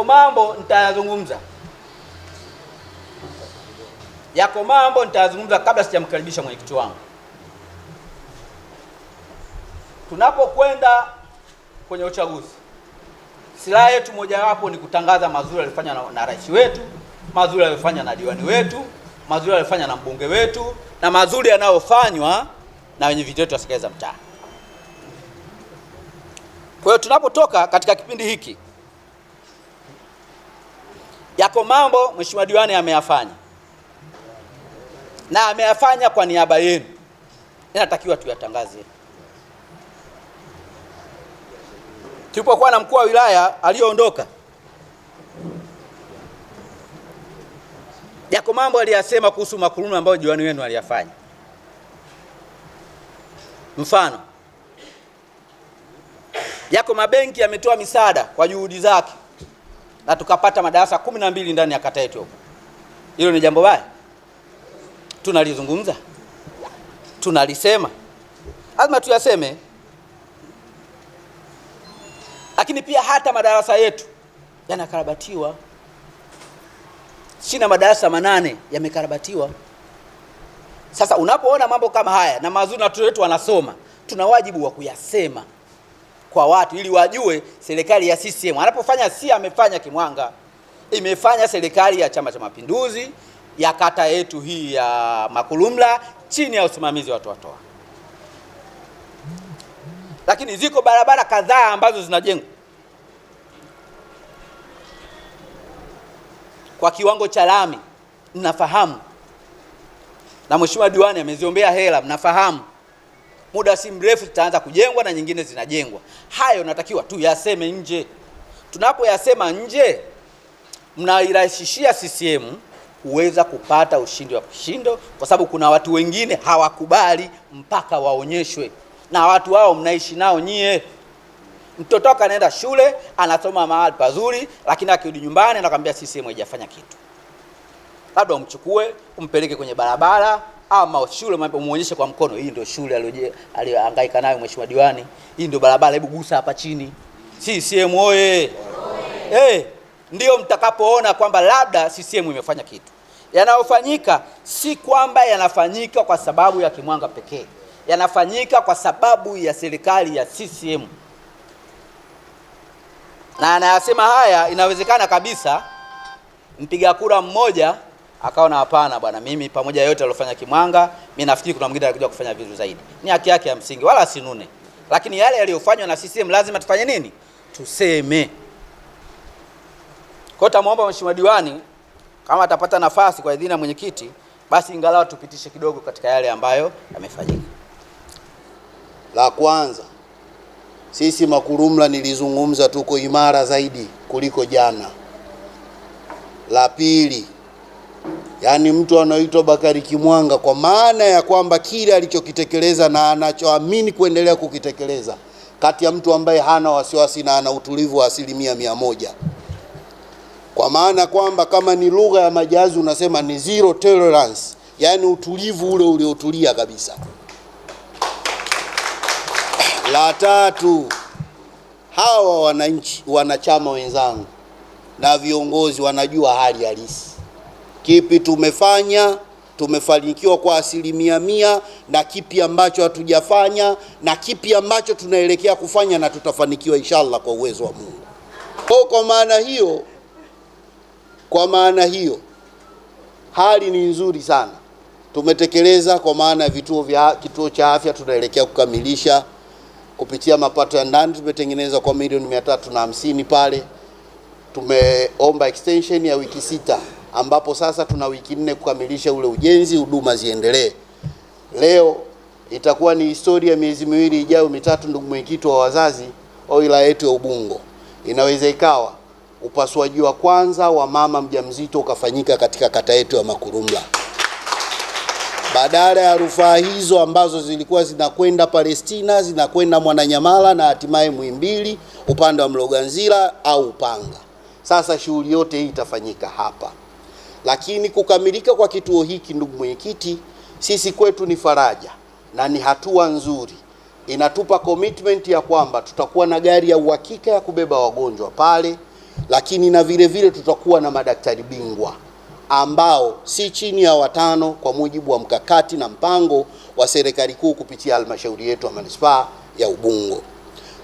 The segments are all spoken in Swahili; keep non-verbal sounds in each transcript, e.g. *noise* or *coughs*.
yako mambo nitayazungumza, yako mambo nitayazungumza kabla sijamkaribisha mwenyekiti wangu. Tunapokwenda kwenye uchaguzi, silaha yetu mojawapo ni kutangaza mazuri aliyofanya na, na rais wetu, mazuri aliyofanya na diwani wetu, mazuri aliyofanya na mbunge wetu, na mazuri yanayofanywa na wenye viti wetu wa serikali za mtaa. Kwa hiyo tunapotoka katika kipindi hiki yako mambo mheshimiwa diwani ameyafanya na ameyafanya kwa niaba yenu, inatakiwa tuyatangaze. Tulipokuwa na mkuu wa wilaya aliyoondoka, yako mambo aliyasema kuhusu makulunu ambayo diwani wenu aliyafanya. Mfano, yako mabenki yametoa misaada kwa juhudi zake na tukapata madarasa kumi na mbili ndani ya kata yetu. Hilo ni jambo baya? Tunalizungumza, tunalisema, lazima tuyaseme. Lakini pia hata madarasa yetu yanakarabatiwa. Sina madarasa manane yamekarabatiwa. Sasa unapoona mambo kama haya na mazuri na watoto wetu wanasoma, tuna wajibu wa kuyasema kwa watu ili wajue serikali ya CCM anapofanya, si amefanya Kimwanga, imefanya serikali ya Chama cha Mapinduzi ya kata yetu hii ya Makulumla chini ya usimamizi wa Toatoa. Lakini ziko barabara kadhaa ambazo zinajengwa kwa kiwango cha lami, mnafahamu, na mheshimiwa diwani ameziombea hela, mnafahamu muda si mrefu zitaanza kujengwa na nyingine zinajengwa. Hayo natakiwa tuyaseme nje. Tunapoyasema nje, mnairahisishia CCM kuweza kupata ushindi wa kishindo, kwa sababu kuna watu wengine hawakubali mpaka waonyeshwe, na watu hao mnaishi nao nyie. Mtoto wako anaenda shule anasoma mahali pazuri, lakini akirudi nyumbani anakuambia CCM haijafanya kitu, labda umchukue umpeleke kwenye barabara ama ah, shule muonyeshe kwa mkono, hii ndio shule aliyohangaika nayo mheshimiwa diwani, hii ndio barabara, hebu gusa hapa chini. CCM oye! Hey, eh, ndio mtakapoona kwamba labda CCM imefanya kitu. Yanayofanyika si kwamba yanafanyika kwa sababu ya Kimwanga pekee, yanafanyika kwa sababu ya serikali ya CCM, na anayasema haya, inawezekana kabisa mpiga kura mmoja akaona hapana bwana, mimi pamoja yote aliyofanya Kimwanga, mimi nafikiri kuna mwingine anakuja kufanya vitu zaidi. Ni haki yake ya msingi, wala asinune, lakini yale yaliyofanywa na CCM lazima tufanye nini? Tuseme. Kwa hiyo mheshimiwa diwani kama atapata nafasi kwa idhini ya mwenyekiti, basi ingalau tupitishe kidogo katika yale ambayo yamefanyika. La kwanza sisi Makurumla nilizungumza, tuko imara zaidi kuliko jana. La pili yaani mtu anaitwa Bakari Kimwanga, kwa maana ya kwamba kile alichokitekeleza na anachoamini kuendelea kukitekeleza, kati ya mtu ambaye hana wasiwasi na ana utulivu wa asilimia mia moja, kwa maana kwamba kama ni lugha ya majazi unasema ni zero tolerance, yaani utulivu ule uliotulia kabisa. *coughs* La tatu, hawa wananchi, wanachama wenzangu na viongozi wanajua hali halisi kipi tumefanya tumefanikiwa kwa asilimia mia, na kipi ambacho hatujafanya, na kipi ambacho tunaelekea kufanya na tutafanikiwa inshallah kwa uwezo wa Mungu. Kwa kwa maana hiyo, kwa maana hiyo hali ni nzuri sana, tumetekeleza kwa maana ya vituo vya kituo cha afya tunaelekea kukamilisha kupitia mapato ya ndani, tumetengeneza kwa milioni 350 pale. Tumeomba extension ya wiki sita ambapo sasa tuna wiki nne kukamilisha ule ujenzi, huduma ziendelee. Leo itakuwa ni historia, miezi miwili ijayo mitatu, ndugu mwenyekiti wa wazazi wa wilaya yetu ya Ubungo, inaweza ikawa upasuaji wa kwanza wa mama mjamzito ukafanyika katika kata yetu ya Makurumla badala ya rufaa hizo ambazo zilikuwa zinakwenda Palestina, zinakwenda Mwananyamala na hatimaye Muhimbili upande wa Mloganzila au Upanga. Sasa shughuli yote hii itafanyika hapa. Lakini kukamilika kwa kituo hiki, ndugu mwenyekiti, sisi kwetu ni faraja na ni hatua nzuri, inatupa commitment ya kwamba tutakuwa na gari ya uhakika ya kubeba wagonjwa pale, lakini na vile vile tutakuwa na madaktari bingwa ambao si chini ya watano kwa mujibu wa mkakati na mpango wa serikali kuu kupitia halmashauri yetu ya manispaa ya Ubungo.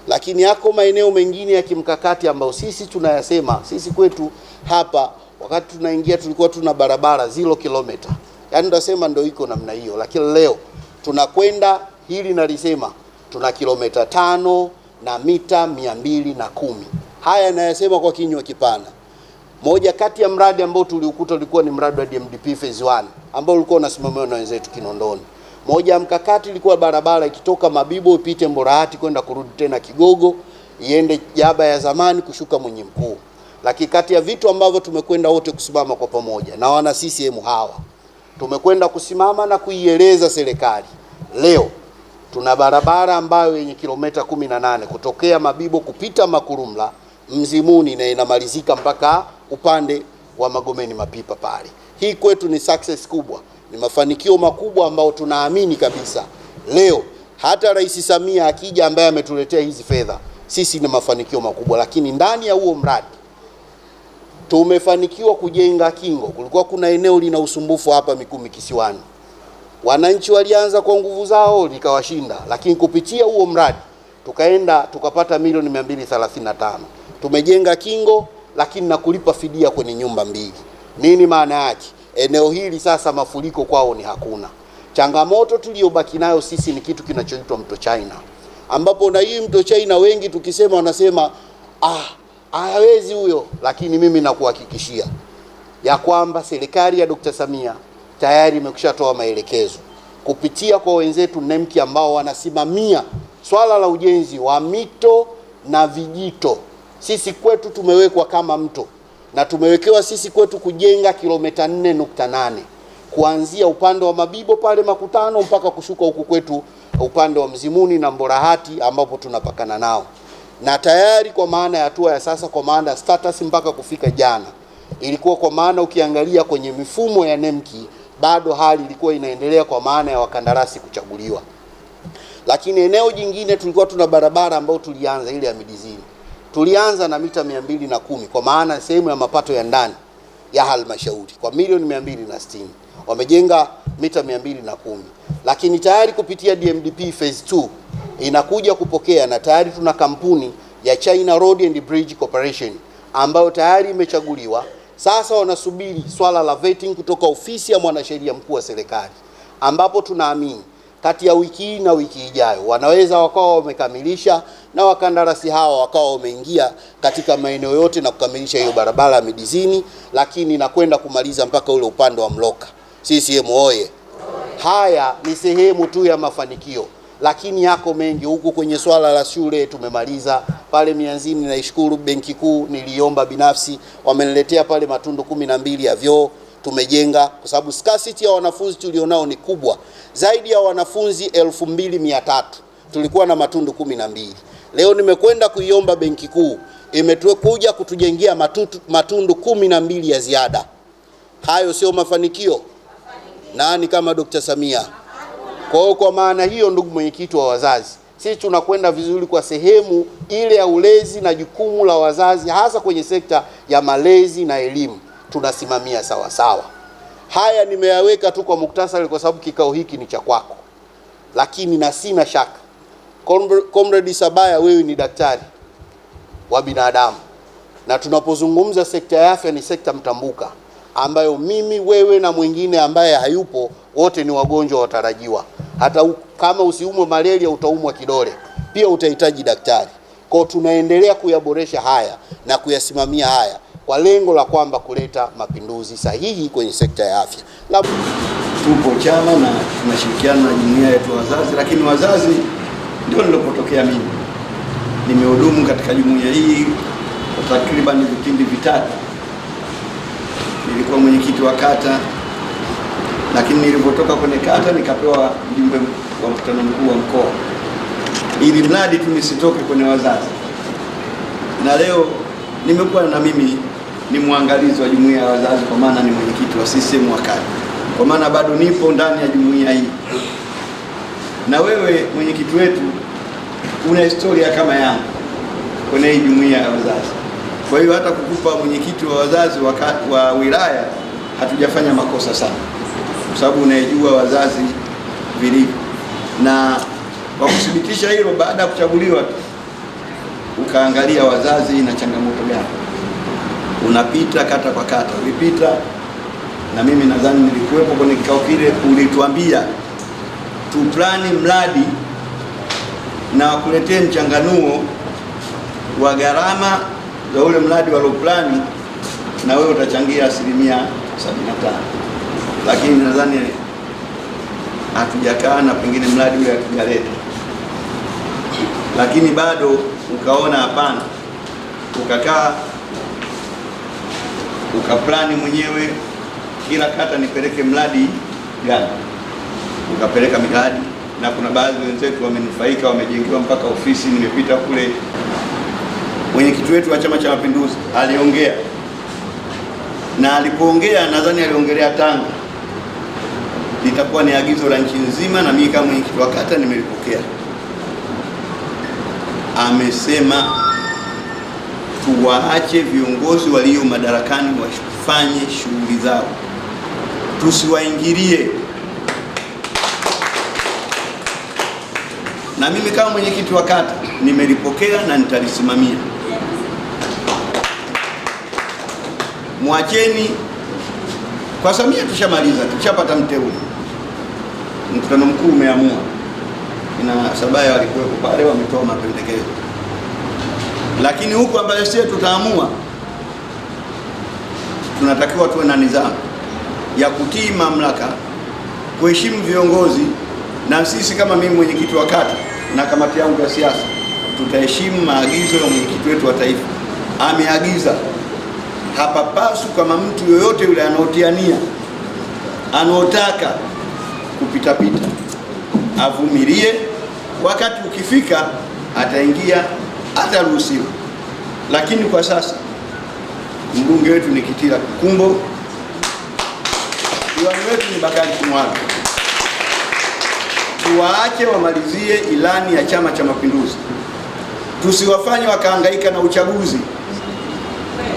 Lakini yako maeneo mengine ya kimkakati ambayo sisi tunayasema sisi kwetu hapa Wakati tunaingia tulikuwa tuna barabara zero kilometa yaani tunasema ndio iko namna hiyo, lakini leo tunakwenda hili nalisema, tuna kilomita tano na mita mia mbili na kumi. Haya nayasema kwa kinywa kipana. Moja kati ya mradi ambao tuliukuta ulikuwa ni mradi wa DMDP phase 1 ambao ulikuwa unasimamiwa na wenzetu Kinondoni. Moja ya mkakati ilikuwa barabara ikitoka Mabibo ipite Mborahati kwenda kurudi tena Kigogo, iende Jaba ya zamani kushuka Mwenye Mkuu. Lakini kati ya vitu ambavyo tumekwenda wote kusimama kwa pamoja na wana CCM hawa, tumekwenda kusimama na kuieleza serikali leo tuna barabara ambayo yenye kilomita 18 kutokea Mabibo kupita Makurumla Mzimuni na inamalizika mpaka upande wa Magomeni Mapipa pale. Hii kwetu ni success kubwa, ni mafanikio makubwa ambayo tunaamini kabisa leo hata Rais Samia akija ambaye ametuletea hizi fedha, sisi ni mafanikio makubwa, lakini ndani ya huo mradi tumefanikiwa kujenga kingo. Kulikuwa kuna eneo lina usumbufu hapa Mikumi Kisiwani, wananchi walianza kwa nguvu zao likawashinda, lakini kupitia huo mradi tukaenda tukapata milioni 235 tumejenga kingo, lakini na kulipa fidia kwenye nyumba mbili. Nini maana yake? Eneo hili sasa mafuriko kwao ni hakuna. Changamoto tuliyobaki nayo sisi ni kitu kinachoitwa mto China, ambapo na hii mto China wengi tukisema wanasema ah hawezi huyo, lakini mimi nakuhakikishia ya kwamba serikali ya Dr. Samia tayari imekwishatoa maelekezo kupitia kwa wenzetu nemki ambao wanasimamia swala la ujenzi wa mito na vijito. Sisi kwetu tumewekwa kama mto na tumewekewa sisi kwetu kujenga kilomita 4.8 kuanzia upande wa Mabibo pale Makutano mpaka kushuka huku kwetu upande wa Mzimuni na Mborahati ambapo tunapakana nao na tayari kwa maana ya hatua ya sasa, kwa maana ya status mpaka kufika jana ilikuwa kwa maana, ukiangalia kwenye mifumo ya nemki bado hali ilikuwa inaendelea kwa maana ya wakandarasi kuchaguliwa. Lakini eneo jingine tulikuwa tuna barabara ambayo tulianza ile ya Midizini, tulianza na mita mia mbili na kumi kwa maana sehemu ya mapato ya ndani ya halmashauri kwa milioni mia mbili na sitini wamejenga mita kumi lakini tayari kupitia DMDP phase 2 inakuja kupokea na tayari tuna kampuni ya China Road and Bridge Corporation ambayo tayari imechaguliwa. Sasa wanasubiri swala la vetting kutoka ofisi ya mwanasheria mkuu wa serikali, ambapo tunaamini kati ya wiki hii na wiki ijayo wanaweza wakawa wamekamilisha na wakandarasi hawa wakawa wameingia katika maeneo yote na kukamilisha hiyo barabara ya Midizini, lakini na kwenda kumaliza mpaka ule upande wa Mloka. CCM oye! Haya ni sehemu tu ya mafanikio, lakini yako mengi huku. Kwenye swala la shule tumemaliza pale Mianzini, naishukuru benki kuu, niliomba binafsi, wameniletea pale matundu kumi na mbili ya vyoo tumejenga kwa sababu scarcity ya wanafunzi tulionao ni kubwa. Zaidi ya wanafunzi 2300 tulikuwa na matundu kumi na mbili. Leo nimekwenda kuiomba benki kuu imekuja kutujengea matundu kumi na mbili ya ziada. Hayo sio mafanikio? nani kama Dr. Samia? Kwa hiyo kwa maana hiyo, ndugu mwenyekiti wa wazazi, sisi tunakwenda vizuri kwa sehemu ile ya ulezi na jukumu la wazazi, hasa kwenye sekta ya malezi na elimu tunasimamia sawa sawa. Haya nimeyaweka tu kwa muktasari, kwa sababu kikao hiki ni cha kwako, lakini na sina shaka Comrade Sabaya, wewe ni daktari wa binadamu, na tunapozungumza sekta ya afya ni sekta mtambuka ambayo mimi, wewe na mwingine ambaye hayupo, wote ni wagonjwa watarajiwa. Hata kama usiumwe malaria, utaumwa kidole, pia utahitaji daktari. Kwa tunaendelea kuyaboresha haya na kuyasimamia haya kwa lengo la kwamba kuleta mapinduzi sahihi kwenye sekta ya afya. Tupo chama na tunashirikiana na jumuiya yetu wazazi, lakini wazazi ndio nilipotokea mimi. Nimehudumu katika jumuiya hii kwa takribani vipindi vitatu nilikuwa mwenyekiti wa kata, lakini nilivyotoka kwenye kata nikapewa mjumbe wa mkutano mkuu wa mkoa, ili mradi tu nisitoke kwenye wazazi. Na leo nimekuwa na mimi ni mwangalizi wa jumuiya ya wazazi, kwa maana ni mwenyekiti wa CCM wa kata, kwa maana bado nipo ndani ya jumuiya hii. Na wewe mwenyekiti wetu una historia kama yangu kwenye hii jumuiya ya wazazi. Kwa hiyo hata kukupa mwenyekiti wa wazazi wa, wa wilaya hatujafanya makosa sana, kwa sababu unayejua wazazi vilivyo, na kwa kuthibitisha hilo, baada ya kuchaguliwa ukaangalia wazazi na changamoto gani, unapita kata kwa kata, ulipita na mimi nadhani nilikuwepo kwenye kikao kile, ulituambia tuplani mradi na wakuletee mchanganuo wa gharama ya ule mradi loplani na wewe utachangia asilimia 75, lakini nadhani hatujakaa na pengine mradi ule hatujaleta, lakini bado ukaona hapana, ukakaa ukaplani mwenyewe, kila kata nipeleke mradi gani, ukapeleka miradi, na kuna baadhi wenzetu wamenufaika, wamejengewa mpaka ofisi. Nimepita kule mwenyekiti wetu wa Chama cha Mapinduzi aliongea, na alipoongea nadhani aliongelea Tanga, litakuwa ni agizo la nchi nzima, na mimi kama mwenyekiti wa kata nimelipokea. Amesema tuwaache viongozi walio madarakani wafanye shughuli zao, tusiwaingilie. Na mimi kama mwenyekiti wa kata nimelipokea na nitalisimamia. mwacheni kwa Samia. Tushamaliza, tushapata mteule, mkutano mkuu umeamua, na Sabaya walikuwepo pale, wametoa mapendekezo, lakini huku ambayo sie tutaamua, tunatakiwa tuwe na nidhamu ya kutii mamlaka, kuheshimu viongozi, na sisi kama mimi mwenyekiti wa kata na kamati yangu ya siasa tutaheshimu maagizo ya mwenyekiti wetu wa taifa, ameagiza hapapaswi kama mtu yoyote yule anaotiania nia anaotaka kupitapita avumilie, wakati ukifika ataingia, ataruhusiwa. Lakini kwa sasa mbunge wetu ni Kitila Kukumbo, diwani wetu ni Bakari Kimwalo, tuwaache wamalizie ilani ya Chama cha Mapinduzi, tusiwafanye wakaangaika na uchaguzi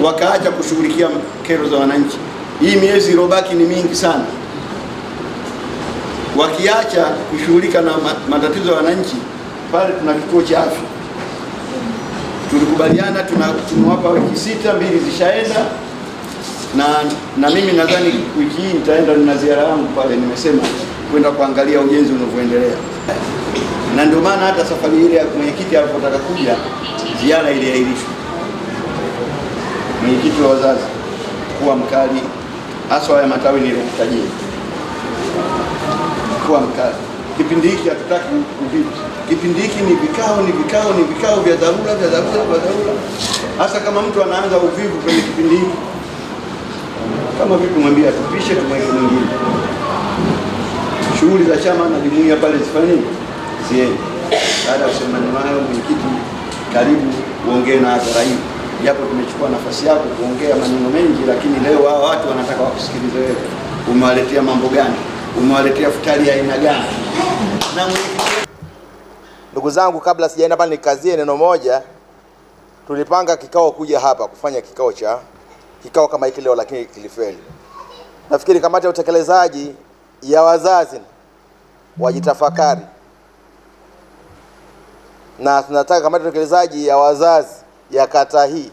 wakaacha kushughulikia kero za wananchi. Hii miezi iliyobaki ni mingi sana. Wakiacha kushughulika na matatizo ya wananchi, pale tuna kituo cha afya, tulikubaliana tunawapa wiki sita, mbili zishaenda na na mimi nadhani wiki hii nitaenda na ziara yangu pale, nimesema kwenda kuangalia ujenzi unavyoendelea, na ndio maana hata safari ile ya mwenyekiti alipotaka kuja ziara iliahirishwa mwenyekiti wa wazazi kuwa mkali, hasa haya matawi nilikutajia, kuwa mkali. Kipindi hiki hatutaki uviti, kipindi hiki ni vikao, ni vikao, ni vikao vya dharura, vya dharura, vya dharura. Hasa kama mtu anaanza uvivu kwenye kipindi hiki, kama vipi kumwambia tupishe, tumweke mwingine. Shughuli za chama na jumuiya pale zifanye ziende. Baada ya kusemana nayo, mwenyekiti, karibu uongee na hadhara hii japo tumechukua nafasi yako kuongea maneno mengi, lakini leo hawa watu wanataka wakusikilize wewe. Umewaletea mambo gani? Umewaletea futari ya aina gani? Na ndugu zangu, kabla sijaenda pale, nikazie neno moja. Tulipanga kikao kuja hapa kufanya kikao cha kikao kama hiki leo, lakini kilifeli. Nafikiri kamati ya utekelezaji ya wazazi wajitafakari, na tunataka kamati ya utekelezaji ya wazazi ya kata hii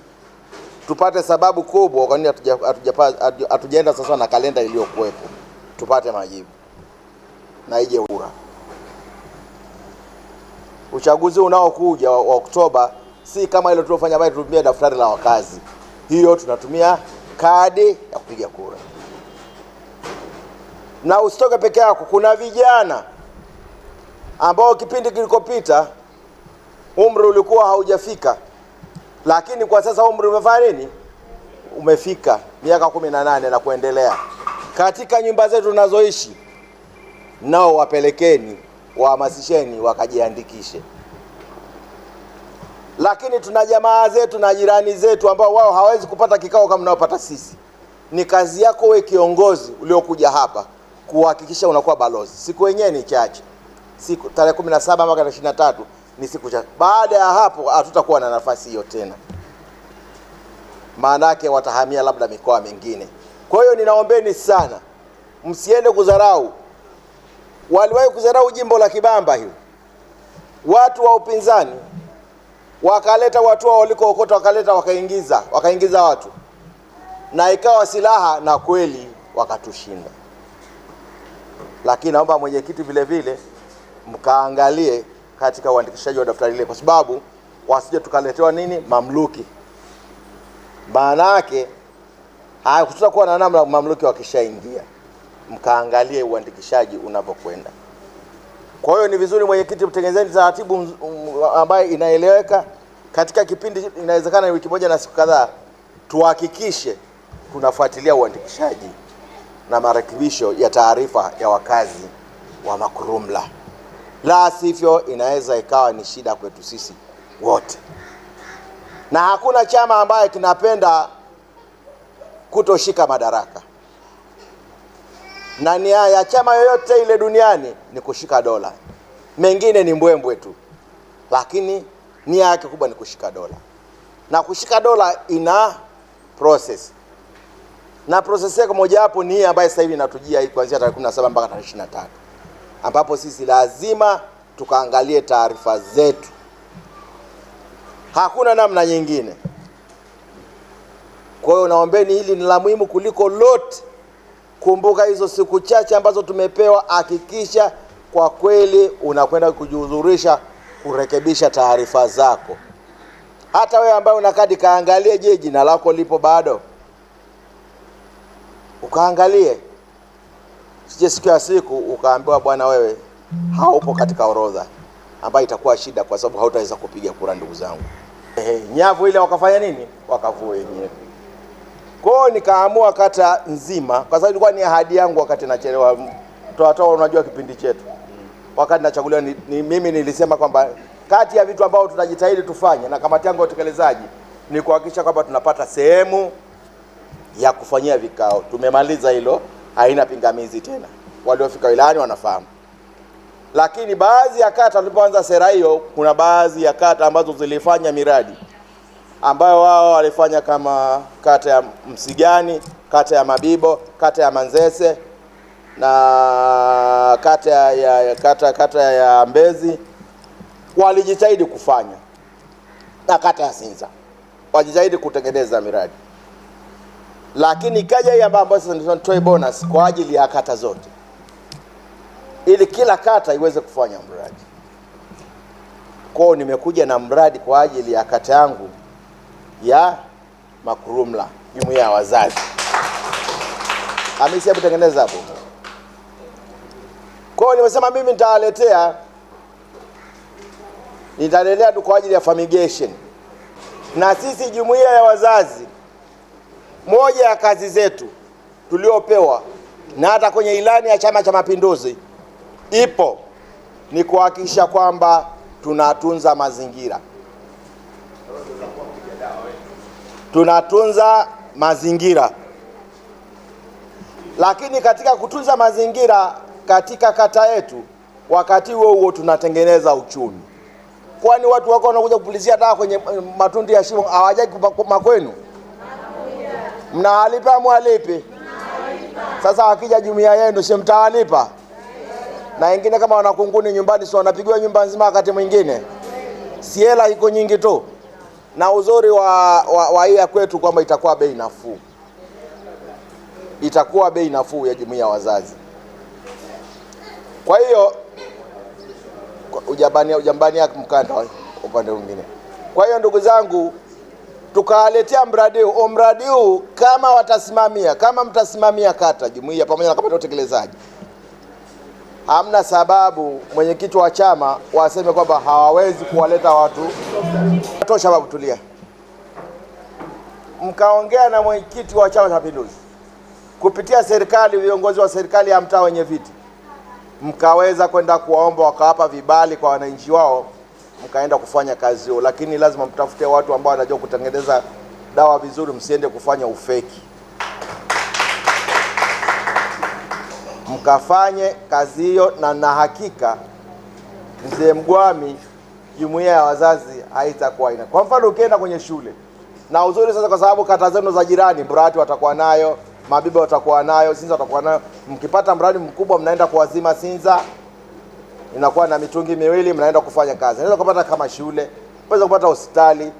tupate sababu kubwa kwa nini hatujaenda sasa na kalenda iliyokuwepo, tupate majibu na ije ura uchaguzi unaokuja wa Oktoba, si kama ile tuliofanya bali tutumie daftari la wakazi, hiyo tunatumia kadi ya kupiga kura. Na usitoke peke yako, kuna vijana ambao kipindi kilikopita umri ulikuwa haujafika lakini kwa sasa umri umefanya nini? Umefika miaka kumi na nane na kuendelea. Katika nyumba zetu tunazoishi, nao wapelekeni, wahamasisheni wakajiandikishe. Lakini tuna jamaa zetu na jirani zetu ambao wao hawawezi kupata kikao kama unaopata sisi. Ni kazi yako we kiongozi uliokuja hapa kuhakikisha unakuwa balozi. Siku yenyewe ni chache, siku tarehe 17 mpaka ni siku chache. Baada ya hapo hatutakuwa na nafasi hiyo tena, maana yake watahamia labda mikoa mingine. Kwa hiyo ninaombeni sana, msiende kudharau. Waliwahi kudharau jimbo la Kibamba, hiyo watu wa upinzani wakaleta watu wao walikookota, wakaleta wakaingiza, wakaingiza watu na ikawa silaha, na kweli wakatushinda. Lakini naomba mwenyekiti, vile vile mkaangalie katika uandikishaji wa daftari lile, kwa sababu wasije tukaletewa nini mamluki. Maana yake hakutakuwa na namna mamluki wakishaingia, mkaangalie uandikishaji unavyokwenda. Kwa hiyo ni vizuri mwenyekiti, mtengenezeni taratibu ambayo inaeleweka katika kipindi, inawezekana wiki moja na siku kadhaa, tuhakikishe tunafuatilia uandikishaji na marekebisho ya taarifa ya wakazi wa Makurumla la sivyo inaweza ikawa ni shida kwetu sisi wote, na hakuna chama ambaye kinapenda kutoshika madaraka, na nia ya chama yoyote ile duniani ni kushika dola. Mengine ni mbwembwe tu, lakini nia yake kubwa ni kushika dola, na kushika dola ina process na process yake hapo ni hii ambayo sasa hivi inatujia hii kuanzia tarehe 17 mpaka tarehe 23 ambapo sisi lazima tukaangalie taarifa zetu, hakuna namna nyingine. Kwa hiyo naombeni, hili ni la muhimu kuliko lote. Kumbuka hizo siku chache ambazo tumepewa, hakikisha kwa kweli unakwenda kujihudhurisha kurekebisha taarifa zako. Hata wewe ambaye una kadi kaangalie, je, jina lako lipo bado? Ukaangalie sije siku ya siku ukaambiwa bwana, wewe haupo katika orodha, ambayo itakuwa shida, kwa sababu hautaweza kupiga kura. Ndugu zangu, ehe, nyavu ile wakafanya nini? Wakavua wenyewe. Kwa hiyo nikaamua kata nzima, kwa sababu ilikuwa ni ahadi yangu wakati nachelewa toa Unajua kipindi chetu wakati nachaguliwa ni, ni, mimi nilisema kwamba kati ya vitu ambavyo tunajitahidi tufanye na kamati yangu ya utekelezaji ni kuhakikisha kwamba tunapata sehemu ya kufanyia vikao. Tumemaliza hilo haina pingamizi tena, waliofika wilayani wanafahamu. Lakini baadhi ya kata, walipoanza sera hiyo, kuna baadhi ya kata ambazo zilifanya miradi ambayo wao walifanya kama kata ya Msigani, kata ya Mabibo, kata ya Manzese na kata ya, kata, kata ya Mbezi walijitahidi kufanya na kata ya Sinza walijitahidi kutengeneza miradi lakini ikaja hii ambayo sasa tutoe bonus kwa ajili ya kata zote, ili kila kata iweze kufanya mradi. Kwao nimekuja na mradi kwa ajili ya kata yangu ya Makurumla, jumuiya ya wazazi. Hamisi, hebu tengeneza hapo. Kwao nimesema mimi nitawaletea nitalelea tu kwa ajili ya famigation na sisi jumuiya ya wazazi moja ya kazi zetu tuliopewa na hata kwenye ilani ya Chama cha Mapinduzi ipo ni kuhakikisha kwamba tunatunza mazingira, tunatunza mazingira. Lakini katika kutunza mazingira katika kata yetu, wakati huo huo tunatengeneza uchumi, kwani watu wako wanakuja kupulizia dawa kwenye matundu ya shimo, hawajai makwenu mnaalipa mwalipi? Sasa akija jumuiya yenu, si mtaalipa? Na wengine kama wanakunguni nyumbani, si wanapigiwa nyumba nzima wakati mwingine, si hela iko nyingi tu. Na uzuri wa wa, wa ya kwetu kwamba itakuwa bei nafuu, itakuwa bei nafuu ya jumuiya ya wazazi. Kwa hiyo ujambania ujambania mkanda eh, upande mwingine. Kwa hiyo ndugu zangu tukawaletea mradi huu. Mradi huu kama watasimamia, kama mtasimamia kata, jumuiya pamoja na kamati ya utekelezaji, hamna sababu mwenyekiti wa chama waseme kwamba hawawezi kuwaleta watu tosha. Babu, tulia, mkaongea na mwenyekiti wa Chama cha Mapinduzi kupitia serikali, viongozi wa serikali ya mtaa wenye viti, mkaweza kwenda kuwaomba wakawapa vibali kwa wananchi wao mkaenda kufanya kazi hiyo, lakini lazima mtafute watu ambao wanajua kutengeneza dawa vizuri, msiende kufanya ufeki. Mkafanye kazi hiyo, na na hakika mzee Mgwami, jumuiya ya wazazi haitakuwa ina. Kwa mfano ukienda kwenye shule na uzuri sasa, kwa sababu kata zenu za jirani Mburati watakuwa nayo, Mabiba watakuwa nayo, Sinza watakuwa nayo. Mkipata mradi mkubwa, mnaenda kuwazima Sinza inakuwa na mitungi miwili, mnaenda kufanya kazi. Naweza kupata kama shule, naweza kupata hospitali,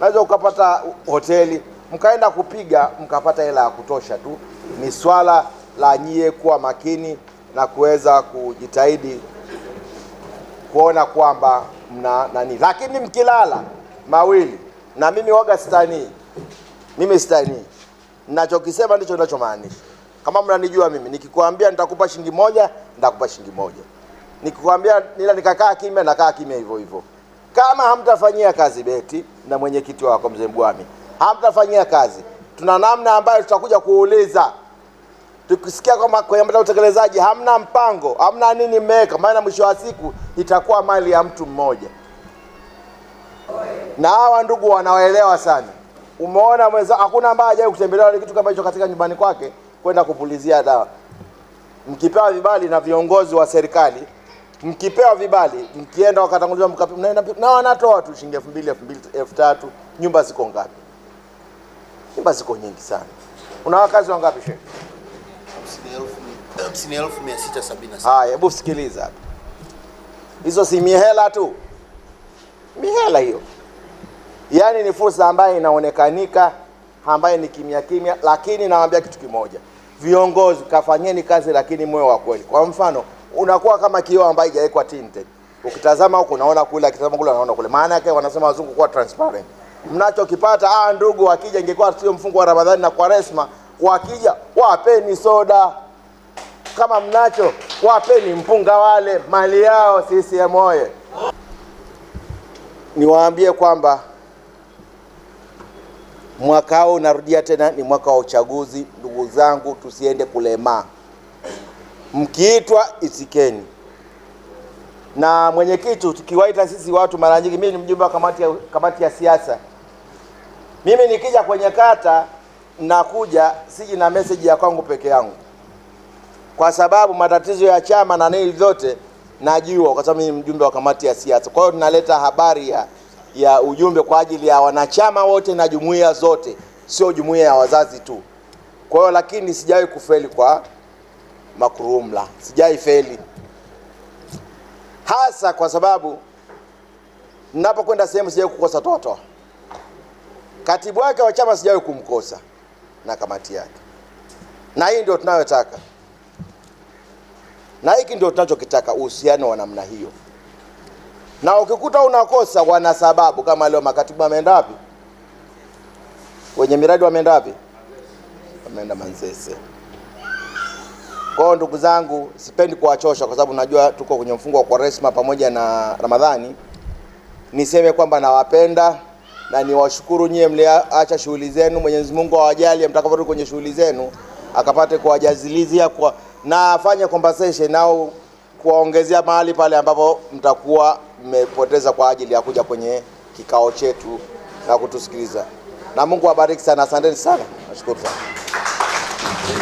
naweza ukapata hoteli, mkaenda kupiga mkapata hela ya kutosha tu. Ni swala la nyie kuwa makini na kuweza kujitahidi kuona kwamba mna nani, lakini mkilala mawili na mimi waga stani, mimi stani, ninachokisema ndicho ninachomaanisha. Kama mnanijua mimi, nikikwambia nitakupa shilingi moja, nitakupa shilingi moja nikikwambia, nila nikakaa kimya, nakaa kimya hivyo hivyo. Kama hamtafanyia kazi beti na mwenyekiti wako mzee Mbwami, hamtafanyia kazi, tuna namna ambayo tutakuja kuuliza tukisikia kwamba kwenye utekelezaji hamna mpango, hamna nini mmeweka, maana mwisho wa siku itakuwa mali ya mtu mmoja, na hawa ndugu wanawaelewa sana. Umeona mweza, hakuna ambaye hajawahi kutembelewa kitu kama hicho katika nyumbani kwake kwenda kupulizia dawa. Mkipewa vibali na viongozi wa serikali mkipewa vibali mkienda wakatanguliza mnaenda na wanatoa tu shilingi elfu mbili elfu tatu nyumba ziko ngapi nyumba ziko nyingi sana una wakazi wangapi shehe haya hebu sikiliza hizo si mihela tu mihela hiyo yaani ni fursa ambayo inaonekanika ambayo ni kimya kimya lakini nawambia kitu kimoja viongozi kafanyeni kazi lakini mwe wa kweli kwa mfano unakuwa kama kioo ambayo haijawekwa tinted. Ukitazama huko unaona kule, akitazama kule unaona kule. Maana yake wanasema wazungu kuwa transparent. Mnachokipata ah, ndugu, akija ingekuwa sio mfungo wa Ramadhani na Kwaresma, wakija wapeni soda kama mnacho, wapeni mpunga, wale mali yao. CCM oye! Niwaambie kwamba mwaka huu, narudia tena, ni mwaka wa uchaguzi. Ndugu zangu, tusiende kulemaa mkiitwa itikeni. Na mwenyekiti, tukiwaita sisi watu mara nyingi, mimi ni mjumbe wa kamati ya, kamati ya siasa. Mimi nikija kwenye kata nakuja siji na message ya kwangu peke yangu, kwa sababu matatizo ya chama na nini zote najua, kwa sababu mimi ni mjumbe wa kamati ya siasa. Kwa hiyo tunaleta habari ya ya ujumbe kwa ajili ya wanachama wote na jumuiya zote, sio jumuiya ya wazazi tu. Kwa hiyo lakini sijawahi kufeli kwa Makurumla, sijai feli hasa kwa sababu ninapokwenda sehemu sijawai kukosa toto. Katibu wake wa chama sijawai kumkosa na kamati yake, na hii ndio tunayotaka na hiki ndio tunachokitaka, uhusiano wa namna hiyo. Na ukikuta unakosa, wana sababu. Kama leo makatibu ameenda wapi? Wenye miradi wameenda wapi? Wameenda Manzese. Kwa hiyo ndugu zangu, sipendi kuwachosha kwa sababu najua tuko kwenye mfungo wa Kwaresma pamoja na Ramadhani. Niseme kwamba nawapenda na niwashukuru nyie mliacha shughuli zenu. Mwenyezi Mungu awajalie mtakaporudi kwenye shughuli zenu akapate kuwajazilizia kwa na afanye compensation au kuwaongezea mahali pale ambapo mtakuwa mmepoteza kwa ajili ya kuja kwenye kikao chetu na kutusikiliza. Na Mungu awabariki sana. Asanteni sana, nashukuru sana.